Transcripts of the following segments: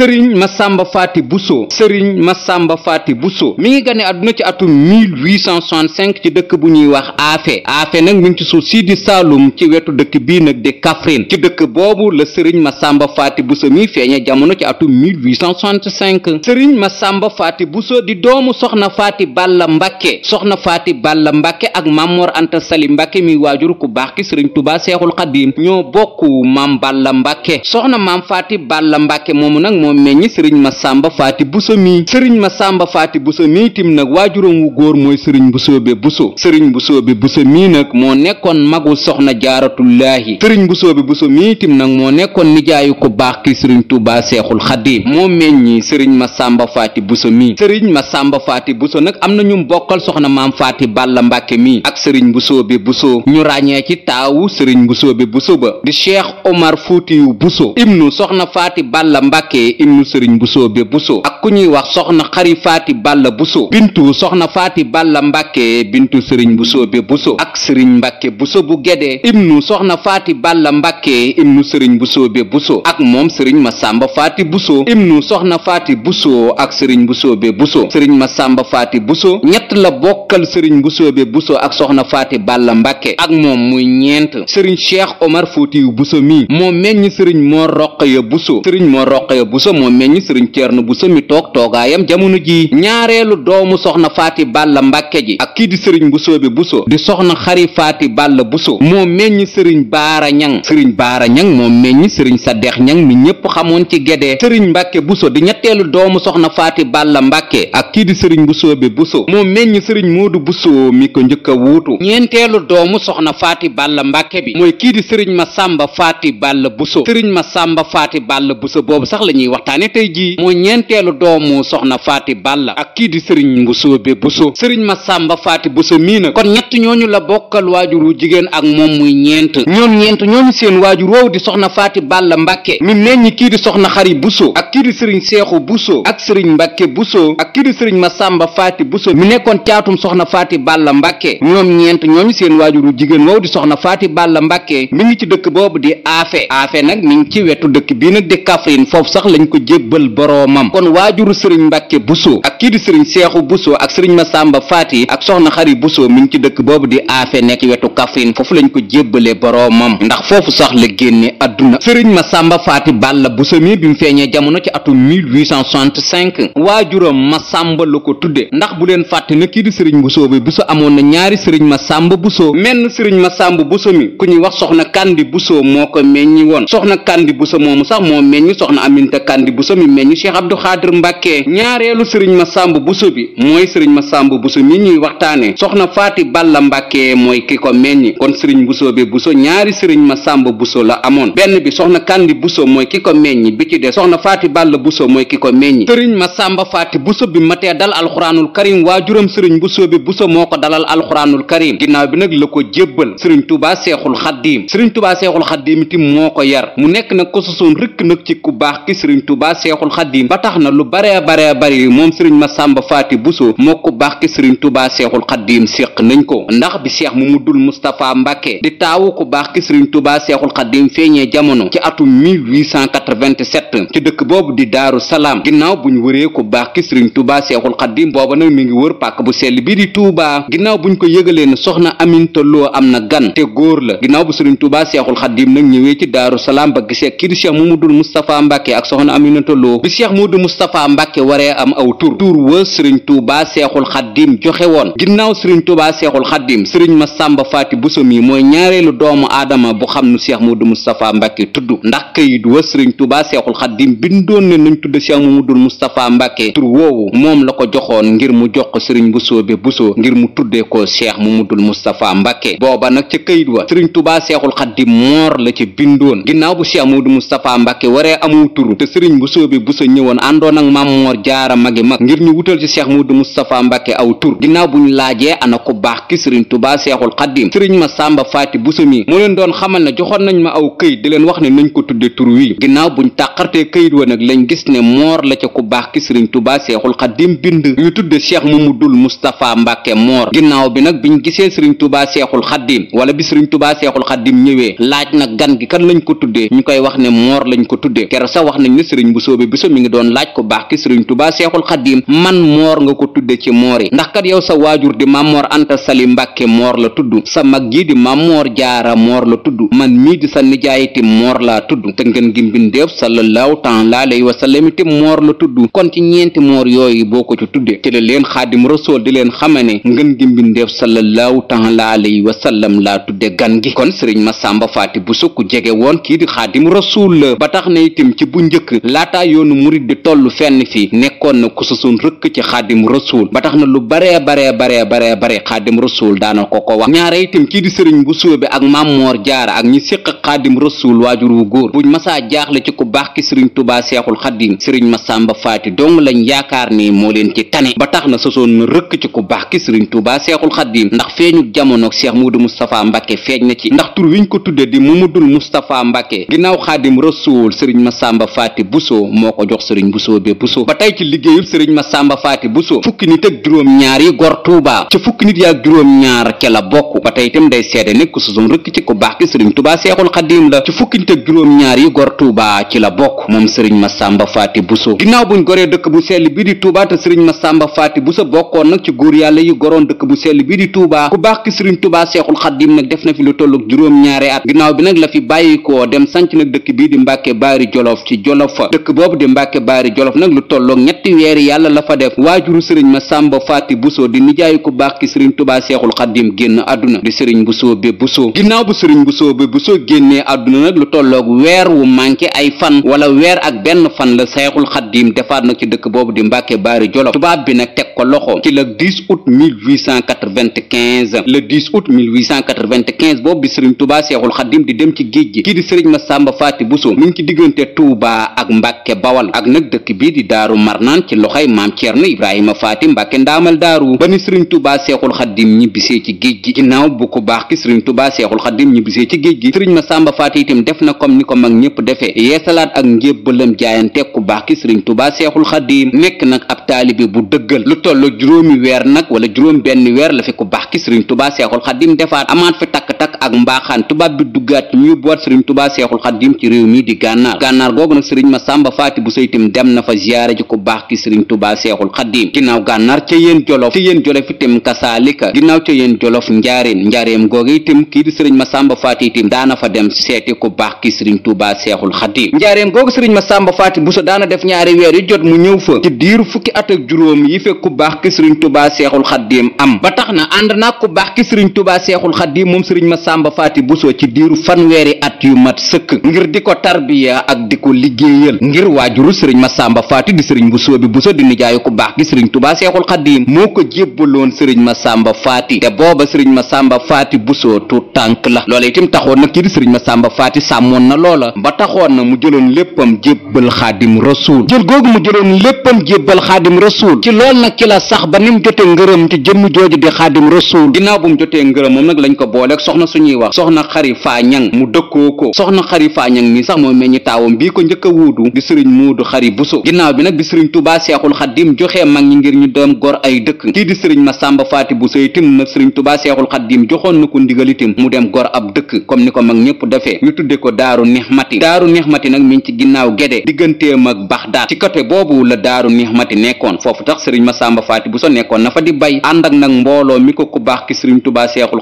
sëriñ Masamba Faati Bousso sëriñ Masamba Faati Bousso mi ngi gane àdduna ci atum 1865 ci dëkk bu ñuy wax Afé Afé nag mi ngi ci suuf sii di Saalum ci wetu dëkk bii nag di Kaffrine ci dëkk boobu la sëriñ Masamba Faati Bousso mi feeñe jamono ci atum 1865 ma Masamba Faati Bousso di doomu soxna Faati Balla Mbàkke soxna Faati Balla Mbàkke ak Mamor Anta Sali Mbàkke mi waajur ku baax ki sëriñ Tuubaa Seexul Xadiim ñoo bokk Maam Balla Mbàkke soxna Maam Faati Balla Mbàkke moo meññ sëriñ Masamba Faati Buso mi sëriñ Masamba Faati Buso mi tim nag waajuram wu góor mooy sëriñ Busoobe Buso sëriñ Busoobe Buso mi nag moo nekkoon magu soxna jaaratullaahi sëriñ Busoobe Buso mi tim nag moo nekkoon nijaayu ko baax ki sëriñ Tuubaa Seexul Xadiim moo meññi sëriñ Masamba Faati Buso mi sëriñ Masamba Faati Buso nag am na ñu bokkal soxna maam Faati Balla Mbàkke mi ak sëriñ Busoobe Buso ñu ràññee ci taawu sëriñ Busoobe Buso ba di Cheikh Omar Fuutiyu Buso ibnu soxna Faati Balla Mbàkke ibnu sëriñ busoo busoo ak ku ñuy wax soxna xari faati balla busoo bintu soxna faati balla mbàkke bintu sëriñ busoo be busoo ak sëriñ mbàkke busoo bu gedee ibnu soxna faati balla mbàkke ibnu sëriñ busoo be busoo ak moom sëriñ masamba faati busoo ibnu soxna faati busoo ak sëriñ busoo be busoo sëriñ masamba faati busoo ñett la bokkal sëriñ busoo be busoo ak soxna faati balla mbàkke ak moom muy ñeent sëriñ cheikh omar fóotiyu busoo mi moo meññ sëriñ moo roqaya busoo sëriñ moo roqaya busoo Buso moo meññ sëriñ Ceerno Buso mi toog toogaayam jamono ji ñaareelu doomu soxna faati balla mbàkke ji ak kii di sëriñ Buso bi Buso di soxna xari faati balla Buso moo meññ sëriñ baara ñang sëriñ baara ñang moo meññ sëriñ Sadex ñang mi ñépp xamoon ci gedee sëriñ mbàkke Buso di ñetteelu doomu soxna faati balla mbàkke ak kii di sëriñ Buso bi Buso moo meññ sëriñ Moodu Buso mi ko njëkk a wuutu ñeenteelu doomu soxna faati balla mbàkke bi mooy kii di sëriñ Masamba faati balla Buso sëriñ Masamba faati balla Buso sax lañuy waxtaane tey jii mooy ñeenteelu doomu soxna faati balla ak kii di sëriñ mbusoobe buso sëriñ masàmba faati buso mii nag kon ñett ñooñu la bokkal waajur jigéen ak moom muy ñeent ñoom ñeent ñooñu seen waajur woowu di soxna faati balla mbàkke mi leen kii di soxna xari buso ak kii di sëriñ seexu buso ak sëriñ mbàkke buso ak kii di sëriñ masàmba faati buso mi nekkoon caatum soxna faati balla mbàkke ñoom ñeent ñooñu seen waajur jigéen woowu di soxna faati balla mbàkke mi ngi ci dëkk boobu di aafe aafe nag mi ci wetu dëkk bii nag di Kaffrine foofu sax la dañ ko jébbal boroomam kon waajuru sëriñ mbàkke buso ak kii di sëriñ seexu buso ak sëriñ masàmba faati ak soxna xari buso mi ngi ci dëkk boobu di aafe nekk wetu Kaffrine foofu lañ ko jébbale boroomam ndax foofu sax la génne àdduna sëriñ masàmba faati balla buso mi bi mu feeñee jamono ci atum waajuram masàmba la ko tudde ndax bu leen fàtte ne kii di sëriñ buso bi buso amoon na ñaari sëriñ masàmba buso menn sëriñ masàmba buso mi ku ñuy wax kandi buso mi meññu cheikh abdou xaadir mbàkke ñaareelu sëriñ masàmb buso bi mooy sëriñ masàmb buso mi ñuy waxtaane soxna faati balla mbàkke mooy ki ko meññi kon sëriñ buso bi buso ñaari sëriñ masàmb buso la amoon benn bi soxna kandi buso mooy ki ko meññi bi ci des soxna faati balla buso mooy ki ko meññi sëriñ masàmba faati buso bi matee dal alxuraanul karim waajuram sëriñ buso bi buso moo ko dalal alxuraanul karim ginnaaw bi nag la ko jébbal sëriñ tubaa seexul xaddiim sëriñ tubaa seexul xaddiim itam moo ko yar mu nekk nag ko sosoon rëkk nag ci ku baax ki sëriñ sëriñ tubaa seexul xaddim ba tax na lu bare bare bari moom sëriñ Masàmba Faati Buso moo ko baax ki sëriñ tubaa seexul xaddim séq nañ ko ndax bi seex Mamadu Mustapha Mbàkke di taawu ku baax ki sëriñ tubaa seexul xaddim feeñee jamono ci atum 1887 ci dëkk boobu di daaru salaam ginnaaw bu ñu wëree ku baax ki sëriñ tubaa seexul xaddim booba nag mi ngi wër pàkk bu sell bii di tuubaa ginnaaw buñ ko yëgalee ne soxna Aminta Lo am na gan te góor la ginnaaw bu sëriñ tubaa seexul ba gisee kii di seex Mamadu Mustapha Mbàkke Aminata Lo bi Cheikh Modou Moustapha Mbacke waree am aw tur tur wa Serigne Touba Cheikhoul Khadim joxe woon ginnaaw Serigne Touba Cheikhoul Khadim Serigne Massamba Faty Bousso mi mooy ñaareelu doomu aadama bu xam nu Cheikh Modou Moustapha Mbacke tudd ndax kayit wa Serigne Touba Cheikhoul Khadim bindoon ne nañ tudd mu Modou Moustapha Mbacke tur woowu moom la ko joxoon ngir mu jox ko Serigne Bousso be Bousso ngir mu tuddee ko Cheikh Mamadou Moustapha Mbacke booba nag ca kayit wa Serigne Touba Cheikhoul Khadim moor la ca bindoon ginnaaw bu Cheikh Modou Moustapha Mbacke waree amu tur sëriñ bu soobe bu sa ñëwoon àndoon ak maam moor jaara magi mag ngir ñu wutal ci cheikh mudu mustapha mbàkke aw tur ginnaaw bu ñu laajee ana ku baax ki sëriñ tubaa seexul xaddim sëriñ ma sàmba faati bu sa mi moo leen doon xamal ne joxoon nañ ma aw këyit di leen wax ne nañ ko tudde tur wi ginnaaw buñ tàqartee këyit wa nag lañ gis ne moor la ca ku baax ki sëriñ tubaa seexul xaddim bind ñu tudde cheikh mamadul mustapha mbàkke moor ginnaaw bi nag biñ gisee sëriñ tubaa seexul xaddim wala bi sëriñ tubaa seexul xaddim ñëwee laaj na gan gi kan lañ ko tuddee ñu koy wax ne moor lañ ko tuddee kero sa wax nañ ne sëriñ bu soobe biso mi ngi doon laaj ko baax ki sëriñ tubaa seexul xaddiim man moor nga ko tudde ci moor yi ndax kat yow sa waajur di mammoor anta sali mbàkke moor la tudd sa mag ji di moor jaara moor la tudd man mii di sa nijaayiti moor laa tudd te ngeen gi mbindeef sallallahu taala alayhi wa sallam itam moor la tuddu kon ci moor yooyu boo ko ci tudde ci la leen xaadim di leen xamane ngeen gi mbindeef sallallahu taala alayhi wa sallam laa tudde gan gi kon sëriñ Masamba Faati Buso ku jege woon kii di xaadim rasul la ba tax na itam ci bu njëkk dëkk laataa yoonu murit di toll fenn fi nekkoon na ku susun rëkk ci xaadim rasuul ba tax na lu baree baree baree baree bare xaadim rasuul daana ko ko wax ñaare itam kii di sëriñ bu sóobe ak mammoor jaara ak ñi séq xaadim rasuul waajur wu góor buñ masaa jaaxle ci ku baax ki sëriñ tubaa seexul xaadim sëriñ masàmba faati dong lañ yaakaar ni moo leen ci tane ba tax na sosoon na rëkk ci ku baax ki sëriñ tubaa seexul xaadim ndax feeñu jamono seex muudu mustapha mbàkke feeñ na ci ndax tur wiñ ko tudde di mamadul mustapha mbàkke ginnaaw xaadim rasuul sëriñ faati busoo moo ko jox sëriñ busoo be busoo ba tey ci liggéeyub sëriñ masàmba faati busoo ak juróom-ñaar yi gor tuubaa ci fukki nit yaak juróom ba tey itam day seede ne ku susoon rëkk ci ku baax ki sëriñ tubaa seexul xadiim la ci fukki nit ak juróom-ñaar yi gor tuubaa ci la bokk moom sëriñ masàmba faati bu sell bii di tuubaa te sëriñ masàmba faati busoo bokkoon nag ci góor yàlla yi goroon dëkk bu sell bii di tuubaa ku baax ki sëriñ tubaa seexul xadiim nag def na fi lu tollu juróom-ñaari at ginnaaw bi nag la fi bàyyikoo dem sanc nag dëkk bii di mbàkke baari jolof ci jolof jolof dëkk boobu di mbàkke baari jolof nag lu tolloog ñetti weeri yàlla la fa def waajuru sëriñ ma sàmba faati busoo di nijaayu ku baax ki sëriñ tubaa seexul xaddim génn àdduna di sëriñ busoo be busoo ginnaaw bu sëriñ busoo be busoo génnee àdduna nag lu tolloog weer wu manqué ay fan wala weer ak benn fan la seexul xaddim defaat nag ci dëkk boobu di mbàkke baari jolof tubaab bi nag teg ko loxo ci le 10 août 1895 le 10 août 1895 boobu bi sëriñ tubaa seexul xaddim di dem ci géej gi kii di sëriñ ma sàmba faati busoo mu ngi ci diggante tuubaa ak mbàkke bawal ak nag dëkk bii di daaru marnaan ci loxoy maam ceerno ibrahima faati mbàkke ndaamal daaru ba ni sëriñ tubaa seexul xaddim ñibbisee ci géej gi ginnaaw bu ko baax ki sëriñ tubaa seexul xaddim ñibbisee ci géej gi sëriñ ma sàmba faati itam def na comme ni ko mag ñëpp defee yeesalaat ak njébbalam jaayante ku baax ki sëriñ ba seexul xaddim nekk nag ab taalibe bu dëggal lu toll juróomi weer nag wala juróom benn weer la fi ku baax ki sëriñ tubaa seexul xaddim defaat amaat fi takk nag ak mbaaxaan tubaab bi duggaat ñu boot sëriñ tubaa seexul xaddim ci réew mi di gànnaar gànnaar googu nag sëriñ ma sàmba faati bu seytim dem na fa ziyaare ji ku baax ki sëriñ tubaa seexul xaddim ginnaaw gànnaar ca yéen jolof ca yéen jolof itam kasaalika ginnaaw ca yéen jolof njaareem njaareem googu itam kii di sëriñ ma sàmba faati itam daana fa dem seeti ku baax ki sëriñ tubaa seexul xaddim njaareem googu sëriñ ma sàmba faati bu sa daana def ñaari weer yu jot mu ñëw fa ci diiru fukki at ak juróom yi fekk ku baax ki sëriñ tubaa seexul xaddim am ba tax na ànd naa ku baax ki sëriñ tubaa seexul xaddim moom sëriñ ma Masamba Faty Bousso ci diiru fanweeri at yu mat sëkk ngir di ko tarbiya ak di ko liggéeyal ngir waajuru sëriñ Masamba Faty di sëriñ Bousso bi Bousso di nijaayu ku baax gi sëriñ Tuubaa Seexul Xadiim moo ko jébbaloon sëriñ Masamba Faty te booba sëriñ Masamba Faty Bousso tu tànk la loola itam taxoon nag kii di sëriñ Masamba Faty sàmmoon na loola ba taxoon na mu jëloon léppam jébbal Xaadim Rasuul jël googu mu jëloon léppam jébbal Xaadim Rasuul ci lool nag ci la sax ba ni mu jotee ngërëm ci jëmm jooju su suñuy wax soxna xari faa ñang mu dëkkoo ko soxna xari faa ñang mi sax moo meññi taawam bii ko njëkk a wuutu di sëriñ muudu xari buso ginnaaw bi nag bi sëriñ tubaa seexul xaddim joxee mag ñi ngir ñu dem gor ay dëkk kii di sëriñ ma sàmba faati buso itim nag sëriñ tubaa seexul xaddim joxoon na ko ndigal itim mu dem gor ab dëkk comme ni ko mag ñëpp defee ñu tudde ko daaru nixmati daaru nixmati nag mi ci ginnaaw gede digganteem ak baxdaat ci côté boobu la daaru nixmati nekkoon foofu tax sëriñ ma sàmba faati buso nekkoon na fa di bay ànd ak nag mbooloo mi ko ku baax ki sëriñ tubaa seexul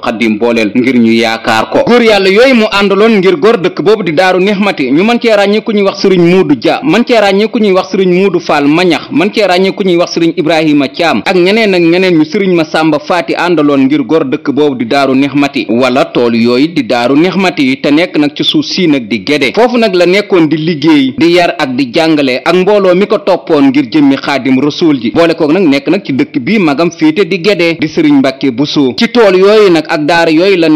yaakaar ko góor yàlla yooyu mu àndaloon ngir góor dëkk boobu di daaru nixmati ñu mën cee ràññi ku ñuy wax sëriñ muudu ja mën cee ràññi ñuy wax sëriñ muudu faal mañax mën cee ràññi ku ñuy wax sëriñ ibrahima caam ak ñeneen ak ñeneen ñu sëriñ ma sàmba faati àndaloon ngir góor dëkk boobu di daaru nixmati wala tool yooyu di daaru nixmati te nekk nag ci suuf sii nag di géde foofu nag la nekkoon di liggéey di yar ak di jàngale ak mbooloo mi ko toppoon ngir jëmmi xaadim rasuul ji boole kook nag nekk nag ci dëkk bii magam féete di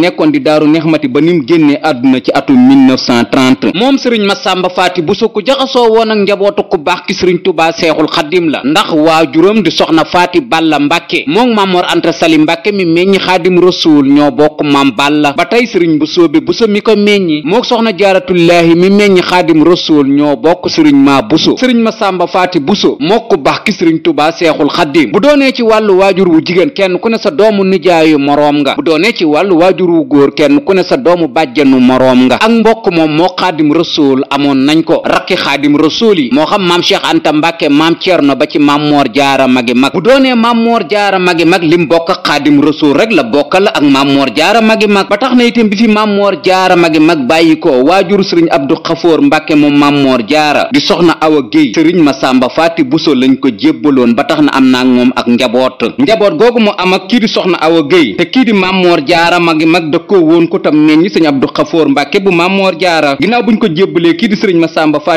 ak di daaru nexmati ba nim génnee àdduna ci atum 1930 moom ma Masamba Faati Buso ku jaxasoo woon ak njabootu ku baax ki sëriñ Tubaa Seexul Xadim la ndax waajuram di soxna Faati Balla Mbàkke moom Mamor Anta Sali Mbàkke mi meññi Xaadim Rasuul ñoo bokk Maam Balla ba tey sëriñ Buso bi Buso mi ko meññi mook soxna Jaaratullaahi mi meññi Xaadim Rasuul ñoo bokk sëriñ Ma Buso sëriñ Masamba Faati Buso mook ku baax ki Tubaa Seexul Xadim bu doonee ci wàllu waajur wu jigéen kenn ku ne sa doomu nijaayu moroom nga bu doonee ci wàllu waajur wu góor góor kenn ku ne sa doomu bàjjanu moroom nga ak mbokk moom moo xaadim rasul amoon nañ ko mbàkke xaadim rasuli moo xam maam cheikh anta mbàkke maam cerno ba ci maam moor jaara magi mag bu doonee maam moor jaara magi mag lim bokk ak xaadim rasul rek la bokkal ak maam moor jaara magi ba tax na itam bi fi maam moor jaara magi mag bàyyi ko waajur sëriñ abdu xafoor mbàkke moom maam moor jaara di soxna awa géy sëriñ masamba faati buso lañ ko jébbaloon ba tax na am naa moom ak njaboot njaboot googu mu am ak kii di soxna awa géy te kii di maam moor jaara magi mag dëkkoo woon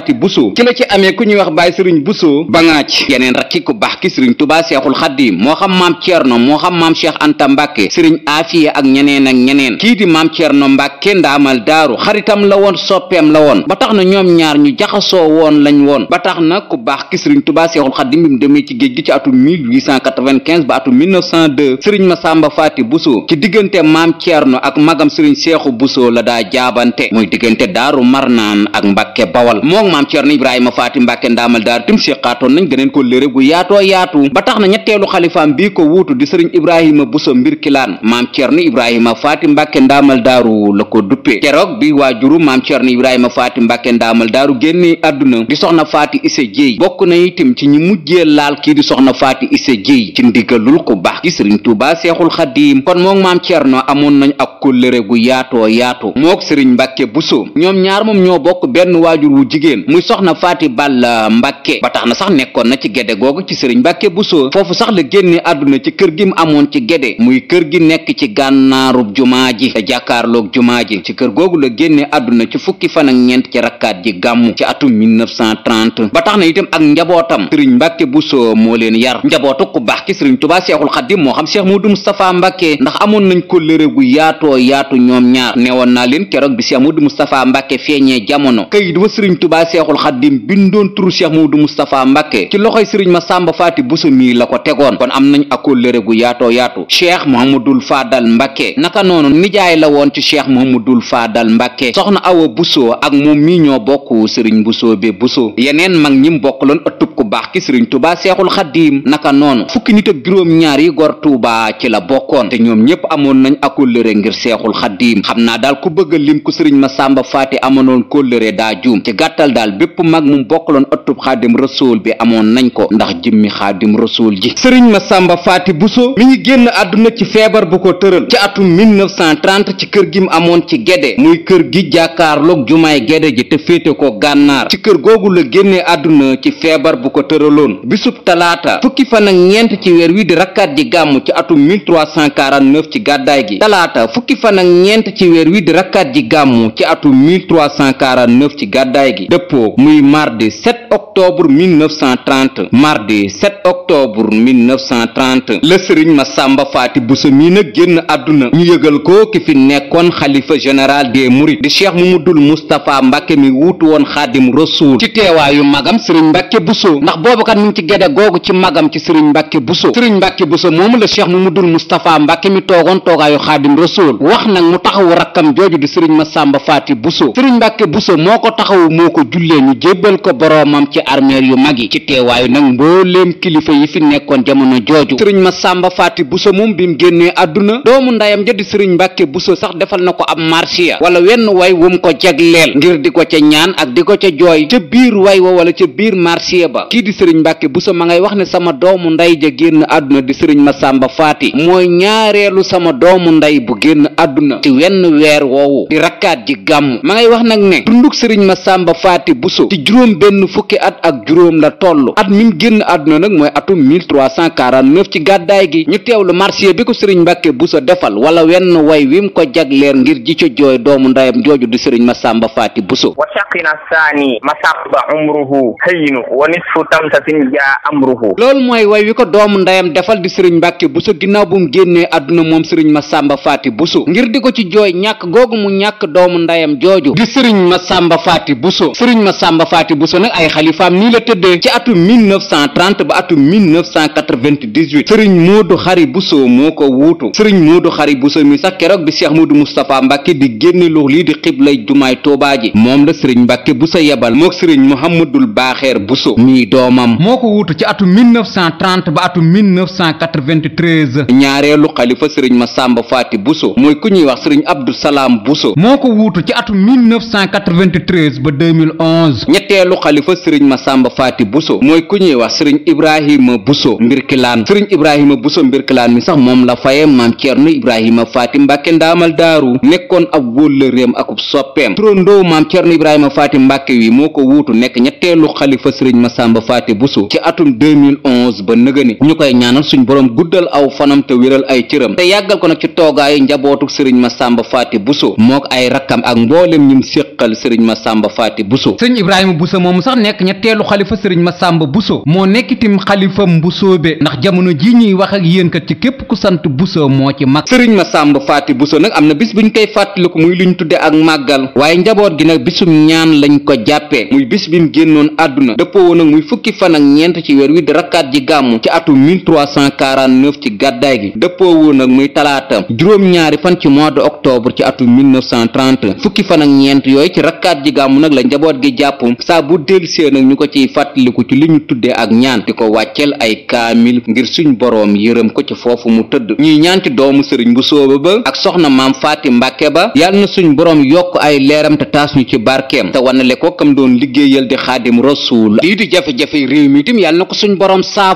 faati buso ci amee ku ñuy wax baay sëriñ buso bangaaj yeneen rakki ku baax ki sëriñ tubaa seexul xaddiim moo xam maam ceerno moo xam maam cheikh anta mbàkke sëriñ aafiya ak ñeneen ak ñeneen kii di maam ceerno mbàkke ndaamal daaru xaritam la woon soppeem la woon ba tax na ñoom ñaar ñu jaxasoo woon lañ woon ba tax na ku baax ki sëriñ tubaa seexul xaddiim bi mu demee ci géej gi ci atu 1895 ba atum 1902 sëriñ masamba faati buso ci diggante maam ceerno ak magam sëriñ seexu buso la daa jaabante muy diggante daaru marnaan ak mbàkke bawal ak maam Cerno Ibrahima Faati Mbàkke ndaamal daar tim séqaatoon nañ gëneen ko gu yaatoo yaatu ba tax na ñetteelu xalifaam bii ko wuutu di sëriñ Ibrahima Buso mbir kilaan maam Cerno Ibrahima Faati Mbàkke ndaamal daaru la ko duppee keroog bi waajuru maam Cerno Ibrahima Faati Mbàkke ndaamal daaru génne àdduna di soxna Faati Ise Jéey bokk na itam ci ñi mujjee laal kii di soxna Faati Ise Jéey ci ndigalul ku baax gi sëriñ Tuubaa Seexul Xadiim kon moom maam Cerno amoon nañ ak kóllëre gu mook sëriñ jigéen muy soxna faati balla mbàkke ba tax na sax nekkoon na ci gédé googu ci sëriñ bu buso foofu sax la génne àdduna ci kër gi mu amoon ci gédé muy kër gi nekk ci gànnaarub jumaa ji te jàkkaarloog jumaa ji ci kër googu la génne àdduna ci fukki fan ak ñeent ci rakkaat ji gàmmu ci atum 1930 ba tax na itam ak njabootam sëriñ bu buso moo leen yar njabootu ku baax ki sëriñ tubaa seexul xaddim moo xam seex mudu safa mbàkke ndax amoon nañ ko lëre gu yaatoo yaatu ñoom ñaar neewoon naa leen keroog bi seex mudu mustapha mbàkke feeñee jamono la seexul xaddim bindoon turu cheikh Modou Moustapha Mbacke ci loxoy sëriñ Massamba Faty Bousso mii la ko tegoon kon am nañ akóllëre gu yaatoo yaatu cheikh Mouhamadul Fadal Mbacke naka noonu nijaay la woon ci cheikh Mouhamadul Fadal Mbacke soxna Awa Bousso ak moom mii ñoo bokk sëriñ Bousso be Bousso yeneen mag ñim bokkaloon ëttub ku baax ki sëriñ Touba seexul xaddim naka noonu fukki nit ak juróom-ñaar yi gor Touba ci la bokkoon te ñoom ñépp amoon nañ akóllëre ngir seexul xaddim xam naa daal ku bëgg lim ku sëriñ Massamba Faty amoonoon kóllëre daa daal bépp mag mum bokkaloon ëttub xaadim rasool bi amoon nañ ko ndax jëmmi xaadim rasool ji sëriñ ma sàmba faati buso mi ngi génn àdduna ci feebar bu ko tëral ci atum 1930 ci kër gi mu amoon ci gede muy kër gi jàkkaar jàkkaarloog jumaay gede ji te féete ko gànnaar ci kër googu la génnee àdduna ci feebar bu ko tëraloon bisub talaata fukki fan ak ñeent ci weer wi di rakkaat ji gàmm ci atum 1349 ci gàddaay gi talaata fukki fan ak ñeent ci weer wi di rakkaat ji gàmm ci atum 1349 ci gàddaay gi dëppoo muy mardi 7 octobre octobre 1930 mardi 7 octobre 1930 la sëriñ Masamba Faati Bousso mi na génn àdduna ñu yëgal ko ki fi nekkoon xalifa général des mourides di cheikh Mamadul Moustapha Mbàkke mi wuutu woon xaadim Rasuul ci teewaayu magam sëriñ Mbàkke Bousso ndax boobu kat mi ngi ci gede googu ci magam ci sëriñ Mbàkke Bousso sëriñ Mbàkke Bousso moomu la cheikh Mamadul Moustapha Mbàkke mi toogoon toogaayu xaadim Rasuul wax nag mu taxawu rakkam jooju di sëriñ Masamba Faati Bousso sëriñ Mbàkke Bousso moo ko taxawu moo ko jullee ñu jébbal ko boroomam armeer yu mag yi ci teewaayu nag mbooleem kilifa yi fi nekkoon jamono jooju sëriñ Masamba Faati Buso moom bi mu génnee àdduna doomu ndayam jëddi sëriñ Mbàkke Buso sax defal na ko ab marsiya wala wenn way wum ko jagleel ngir di ko ca ñaan ak di ko ca jooy ca biir way wa wala ca biir marsiya ba kii di sëriñ Mbàkke Buso ma ngay wax ne sama doomu nday ja génn àdduna di sëriñ ma Masamba Faati mooy ñaareelu sama doomu nday bu génn àdduna ci wenn weer woowu at ak juróom la toll at mi mu génn àdduna nag mooy atum 1349 ci gàddaay gi ñu teewlu marché bi ko sëriñ Mbàkke Buso defal wala wenn way wi mu ko jagleel ngir ji ca jooy doomu ndayam jooju di sëriñ Masamba Faati Buso wa saqina saani masaba umruhu haynu wa nisfu tamtasin ja amruhu loolu mooy way wi doomu ndayam defal di sëriñ Mbàkke Buso ginnaaw bu mu génnee àdduna moom sëriñ Masamba Faati Buso ngir di ko ci jooy ñàkk googu mu ñàkk doomu ndayam jooju di sëriñ Masamba Faati Buso sëriñ Masamba Faati Buso nag ay xalifa Fam nii la tëddee ci atum 1930 ba atum 1998 Serigne Modou Khary Bousso moo ko wuutu Serigne Modou Khary Bousso mi sax keroog bi Cheikh Modou Moustapha Mbacke di génne lox lii di xiblay jumaay Touba ji moom la Serigne Mbacke Bousso yebal mook Serigne Mouhamadul Baaxeer Bousso mii doomam moo ko wuutu ci atum 1930 ba atum 1993 ñaareelu xalifa Serigne Massamba Faty Bousso mooy ku ñuy wax Serigne Abdou Salam Bousso moo ko wuutu ci atum 1993 ba 2011 ñetteelu xalifa Serigne ma Masamba Faati Buso mooy ku ñuy wax sëriñ Ibrahima Buso Mbirkilaan sëriñ Ibrahima Buso Mbirkilaan mi sax moom la faye maam Ceerno Ibrahima Faati Mbàkke ndaamal daaru nekkoon ab wóllëreem akub soppeem turandoo maam Ceerno Ibrahima Faati Mbàkke wi moo ko wuutu nekk ñetteelu xalifa sëriñ ma Masamba Faati Buso ci atum 2011 ba nëgëni ñu koy ñaanal suñ boroom guddal aw fanam te wéral ay cëram te yàggal ko nag ci toogaayu njabootuk sëriñ Masamba Faati Buso mook ay rakkam ak mboolem ñum sëriñ Masamba Faati Buso sëriñ ñetteelu xalifa sëriñ Masamba Bousso moo nekk itam xalifam bu soobe ndax jamono ji ñuy wax ak yéen ci képp ku sant Bousso moo ci mag sëriñ ma Masamba Faty Bousso nag am na bis ñu koy fàttaliku muy lu ñu tudde ak màggal waaye njaboot gi nag bisum ñaan lañ ko jàppee muy bis bi mu génnoon àdduna dëppoo woon nag muy fukki fan ak ñeent ci weer wi di rakkaat ji gàmmu ci atu 1349 ci gàddaay gi dëppoo woon nag muy talaata juróom-ñaari fan ci mois de octobre ci atu 1930 fukki fan ak ñeent yooyu ci rakkaat ji gàmmu nag la njaboot gi jàpp saa bu ñu ko ciy fàttaliku ci li ñu tudde ak ñaan di ko wàcceel ay kaamil ngir suñ boroom yërëm ko ci foofu mu tëdd ñuy ñaan ci doomu sëriñ bu sooba ba ak soxna maam faati mbàkke ba yal na suñ boroom yokk ay leeram te taas ñu ci barkeem te wanale ko kam doon liggéeyal di xaadim rasuul lii di jafe-jafe réew mi itam na ko suñ boroom saaf